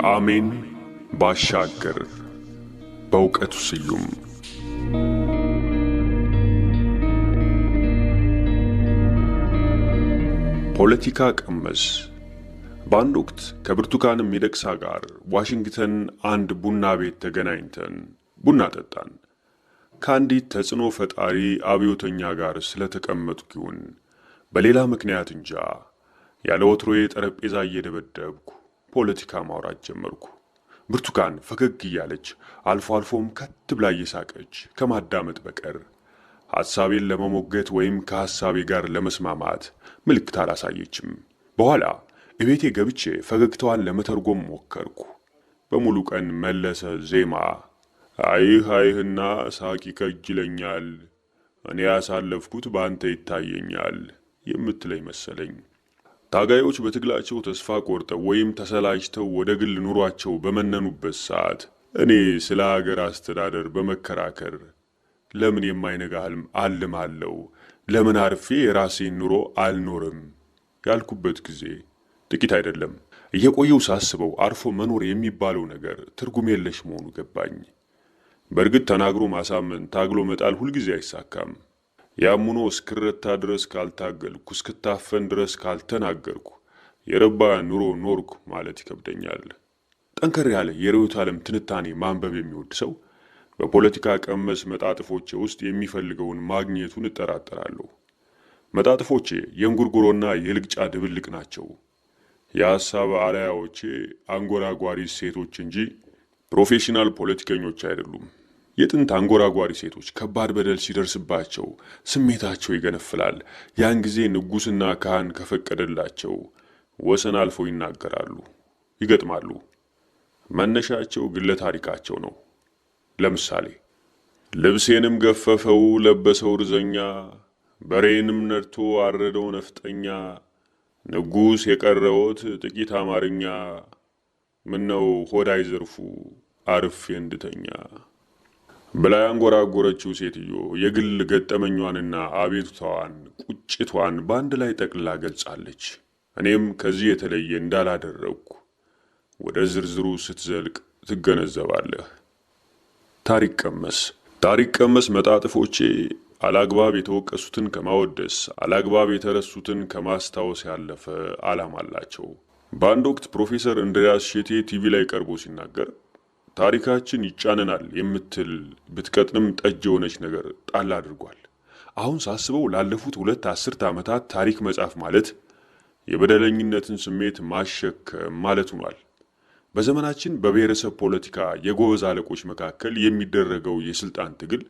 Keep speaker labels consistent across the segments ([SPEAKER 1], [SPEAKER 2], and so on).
[SPEAKER 1] ከአሜን ባሻገር በእውቀቱ ስዩም ፖለቲካ ቀመስ በአንድ ወቅት ከብርቱካን ሚደቅሳ ጋር ዋሽንግተን አንድ ቡና ቤት ተገናኝተን ቡና ጠጣን። ከአንዲት ተጽዕኖ ፈጣሪ አብዮተኛ ጋር ስለተቀመጥኩ ይሁን በሌላ ምክንያት እንጃ ያለ ወትሮዬ ጠረጴዛ እየደበደብኩ ፖለቲካ ማውራት ጀመርኩ። ብርቱካን ፈገግ እያለች አልፎ አልፎም ከት ብላ እየሳቀች ከማዳመጥ በቀር ሐሳቤን ለመሞገት ወይም ከሐሳቤ ጋር ለመስማማት ምልክት አላሳየችም። በኋላ እቤቴ ገብቼ ፈገግታዋን ለመተርጎም ሞከርኩ። በሙሉ ቀን መለሰ ዜማ አይህ አይህና ሳቂ ከጅለኛል እኔ ያሳለፍኩት በአንተ ይታየኛል የምትለኝ መሰለኝ። ታጋዮች በትግላቸው ተስፋ ቆርጠው ወይም ተሰላጅተው ወደ ግል ኑሯቸው በመነኑበት ሰዓት እኔ ስለ አገር አስተዳደር በመከራከር ለምን የማይነጋ ህልም አልማለሁ? ለምን አርፌ የራሴን ኑሮ አልኖርም? ያልኩበት ጊዜ ጥቂት አይደለም። እየቆየው ሳስበው አርፎ መኖር የሚባለው ነገር ትርጉም የለሽ መሆኑ ገባኝ። በእርግጥ ተናግሮ ማሳመን፣ ታግሎ መጣል ሁልጊዜ አይሳካም። ያምኖ እስክረታ ድረስ ካልታገልኩ፣ እስክታፈን ድረስ ካልተናገርኩ የረባ ኑሮ ኖርኩ ማለት ይከብደኛል። ጠንከር ያለ የርዕዮተ ዓለም ትንታኔ ማንበብ የሚወድ ሰው በፖለቲካ ቀመስ መጣጥፎቼ ውስጥ የሚፈልገውን ማግኘቱን እጠራጠራለሁ። መጣጥፎቼ የእንጉርጉሮና የልቅጫ ድብልቅ ናቸው። የሐሳብ አርአያዎቼ አንጎራጓሪ ሴቶች እንጂ ፕሮፌሽናል ፖለቲከኞች አይደሉም። የጥንት አንጎራጓሪ ሴቶች ከባድ በደል ሲደርስባቸው ስሜታቸው ይገነፍላል። ያን ጊዜ ንጉሥና ካህን ከፈቀደላቸው ወሰን አልፈው ይናገራሉ፣ ይገጥማሉ። መነሻቸው ግለ ታሪካቸው ነው። ለምሳሌ ልብሴንም ገፈፈው ለበሰው ርዘኛ፣ በሬንም ነድቶ አረደው ነፍጠኛ፣ ንጉሥ የቀረዎት ጥቂት አማርኛ፣ ምነው ሆዳይ ዘርፉ አርፌ እንድተኛ ብላ ያንጎራጎረችው ሴትዮ የግል ገጠመኟንና አቤቱታዋን፣ ቁጭቷን በአንድ ላይ ጠቅላ ገልጻለች። እኔም ከዚህ የተለየ እንዳላደረግኩ ወደ ዝርዝሩ ስትዘልቅ ትገነዘባለህ። ታሪክ ቀመስ ታሪክ ቀመስ መጣጥፎቼ አላግባብ የተወቀሱትን ከማወደስ አላግባብ የተረሱትን ከማስታወስ ያለፈ ዓላማ አላቸው። በአንድ ወቅት ፕሮፌሰር እንድሪያስ ሼቴ ቲቪ ላይ ቀርቦ ሲናገር ታሪካችን ይጫነናል የምትል ብትቀጥንም ጠጅ የሆነች ነገር ጣል አድርጓል። አሁን ሳስበው ላለፉት ሁለት አስርት ዓመታት ታሪክ መጻፍ ማለት የበደለኝነትን ስሜት ማሸከም ማለት ሆኗል። በዘመናችን በብሔረሰብ ፖለቲካ የጎበዝ አለቆች መካከል የሚደረገው የስልጣን ትግል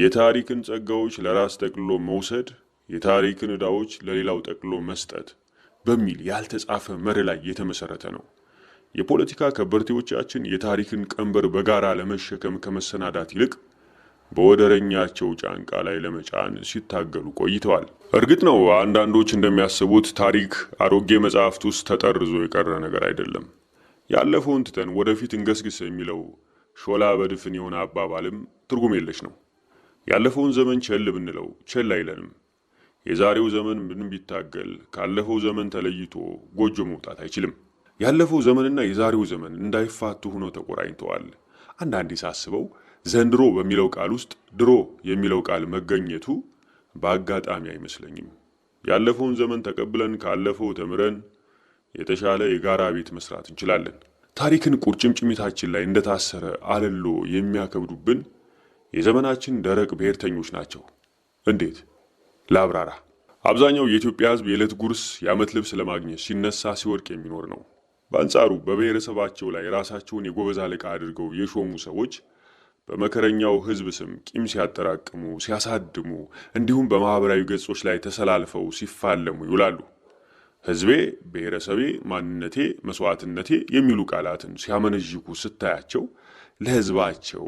[SPEAKER 1] የታሪክን ጸጋዎች ለራስ ጠቅልሎ መውሰድ፣ የታሪክን ዕዳዎች ለሌላው ጠቅልሎ መስጠት በሚል ያልተጻፈ መርህ ላይ የተመሰረተ ነው። የፖለቲካ ከበርቴዎቻችን የታሪክን ቀንበር በጋራ ለመሸከም ከመሰናዳት ይልቅ በወደረኛቸው ጫንቃ ላይ ለመጫን ሲታገሉ ቆይተዋል። እርግጥ ነው አንዳንዶች እንደሚያስቡት ታሪክ አሮጌ መጽሐፍት ውስጥ ተጠርዞ የቀረ ነገር አይደለም። ያለፈውን ትተን ወደፊት እንገስግስ የሚለው ሾላ በድፍን የሆነ አባባልም ትርጉም የለሽ ነው። ያለፈውን ዘመን ቸል ብንለው ቸል አይለንም። የዛሬው ዘመን ምንም ቢታገል ካለፈው ዘመን ተለይቶ ጎጆ መውጣት አይችልም። ያለፈው ዘመንና የዛሬው ዘመን እንዳይፋቱ ሆኖ ተቆራኝተዋል። አንዳንዴ ሳስበው ዘንድሮ በሚለው ቃል ውስጥ ድሮ የሚለው ቃል መገኘቱ በአጋጣሚ አይመስለኝም። ያለፈውን ዘመን ተቀብለን ካለፈው ተምረን የተሻለ የጋራ ቤት መስራት እንችላለን። ታሪክን ቁርጭምጭሚታችን ላይ እንደታሰረ አለሎ የሚያከብዱብን የዘመናችን ደረቅ ብሔርተኞች ናቸው። እንዴት ላብራራ? አብዛኛው የኢትዮጵያ ሕዝብ የዕለት ጉርስ፣ የዓመት ልብስ ለማግኘት ሲነሳ ሲወድቅ የሚኖር ነው። በአንጻሩ በብሔረሰባቸው ላይ ራሳቸውን የጎበዝ አለቃ አድርገው የሾሙ ሰዎች በመከረኛው ሕዝብ ስም ቂም ሲያጠራቅሙ፣ ሲያሳድሙ እንዲሁም በማኅበራዊ ገጾች ላይ ተሰላልፈው ሲፋለሙ ይውላሉ። ሕዝቤ፣ ብሔረሰቤ፣ ማንነቴ፣ መስዋዕትነቴ የሚሉ ቃላትን ሲያመነዥኩ ስታያቸው ለሕዝባቸው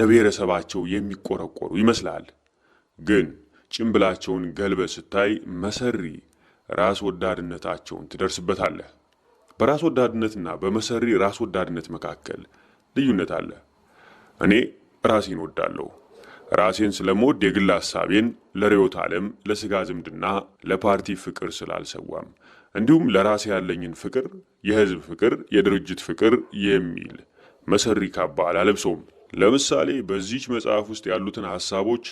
[SPEAKER 1] ለብሔረሰባቸው የሚቆረቆሩ ይመስላል። ግን ጭምብላቸውን ገልበ ስታይ መሰሪ ራስ ወዳድነታቸውን ትደርስበታለህ። በራስ ወዳድነትና በመሰሪ ራስ ወዳድነት መካከል ልዩነት አለ። እኔ ራሴን ወዳለሁ። ራሴን ስለምወድ የግል ሐሳቤን ለርዕዮተ ዓለም፣ ለሥጋ ዝምድና፣ ለፓርቲ ፍቅር ስላልሰዋም እንዲሁም ለራሴ ያለኝን ፍቅር የህዝብ ፍቅር፣ የድርጅት ፍቅር የሚል መሰሪ ካባ አላለብሰውም። ለምሳሌ በዚች መጽሐፍ ውስጥ ያሉትን ሐሳቦች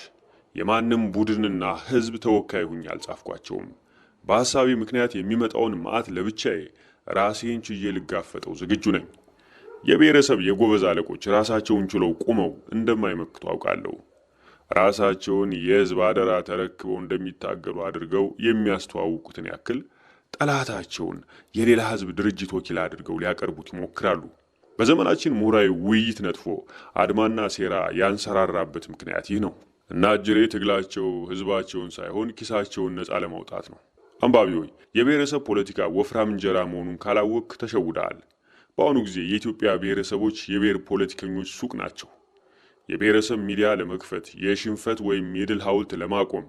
[SPEAKER 1] የማንም ቡድንና ህዝብ ተወካይ ሁኝ አልጻፍኳቸውም። በሐሳቢ ምክንያት የሚመጣውን መዓት ለብቻዬ ራሴን ችዬ ልጋፈጠው ዝግጁ ነኝ። የብሔረሰብ የጎበዝ አለቆች ራሳቸውን ችለው ቁመው እንደማይመክቱ አውቃለሁ። ራሳቸውን የሕዝብ አደራ ተረክበው እንደሚታገሉ አድርገው የሚያስተዋውቁትን ያክል ጠላታቸውን የሌላ ሕዝብ ድርጅት ወኪል አድርገው ሊያቀርቡት ይሞክራሉ። በዘመናችን ምሁራዊ ውይይት ነጥፎ አድማና ሴራ ያንሰራራበት ምክንያት ይህ ነው እና እጅሬ ትግላቸው ሕዝባቸውን ሳይሆን ኪሳቸውን ነፃ ለማውጣት ነው። አንባቢ ሆይ የብሔረሰብ ፖለቲካ ወፍራም እንጀራ መሆኑን ካላወቅ ተሸውደሃል። በአሁኑ ጊዜ የኢትዮጵያ ብሔረሰቦች የብሔር ፖለቲከኞች ሱቅ ናቸው። የብሔረሰብ ሚዲያ ለመክፈት የሽንፈት ወይም የድል ሐውልት ለማቆም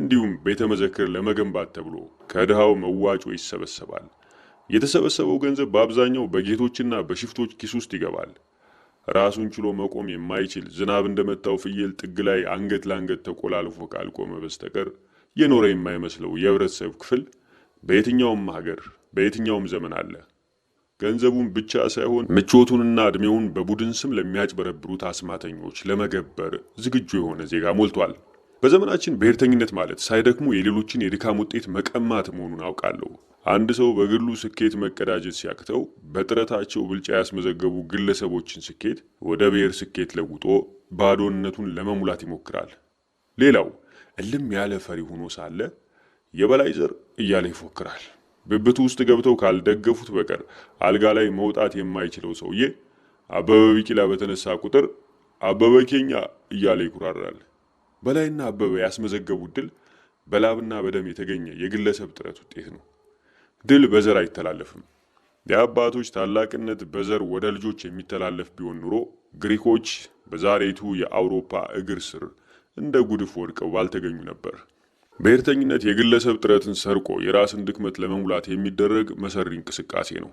[SPEAKER 1] እንዲሁም ቤተ መዘክር ለመገንባት ተብሎ ከድሃው መዋጮ ይሰበሰባል። የተሰበሰበው ገንዘብ በአብዛኛው በጌቶችና በሽፍቶች ኪስ ውስጥ ይገባል። ራሱን ችሎ መቆም የማይችል ዝናብ እንደመታው ፍየል ጥግ ላይ አንገት ለአንገት ተቆላልፎ ካልቆመ በስተቀር የኖረ የማይመስለው የህብረተሰብ ክፍል በየትኛውም ሀገር በየትኛውም ዘመን አለ። ገንዘቡን ብቻ ሳይሆን ምቾቱንና ዕድሜውን በቡድን ስም ለሚያጭበረብሩት አስማተኞች ለመገበር ዝግጁ የሆነ ዜጋ ሞልቷል። በዘመናችን ብሔርተኝነት ማለት ሳይደክሙ የሌሎችን የድካም ውጤት መቀማት መሆኑን አውቃለሁ። አንድ ሰው በግሉ ስኬት መቀዳጀት ሲያክተው፣ በጥረታቸው ብልጫ ያስመዘገቡ ግለሰቦችን ስኬት ወደ ብሔር ስኬት ለውጦ ባዶነቱን ለመሙላት ይሞክራል። ሌላው እልም ያለ ፈሪ ሆኖ ሳለ የበላይ ዘር እያለ ይፎክራል። ብብቱ ውስጥ ገብተው ካልደገፉት በቀር አልጋ ላይ መውጣት የማይችለው ሰውዬ አበበ ቢቂላ በተነሳ ቁጥር አበበ ኬኛ እያለ ይኩራራል። በላይና አበበ ያስመዘገቡት ድል በላብና በደም የተገኘ የግለሰብ ጥረት ውጤት ነው። ድል በዘር አይተላለፍም። የአባቶች ታላቅነት በዘር ወደ ልጆች የሚተላለፍ ቢሆን ኑሮ ግሪኮች በዛሬቱ የአውሮፓ እግር ስር እንደ ጉድፍ ወድቀው ባልተገኙ ነበር። ብሔርተኝነት የግለሰብ ጥረትን ሰርቆ የራስን ድክመት ለመሙላት የሚደረግ መሰሪ እንቅስቃሴ ነው።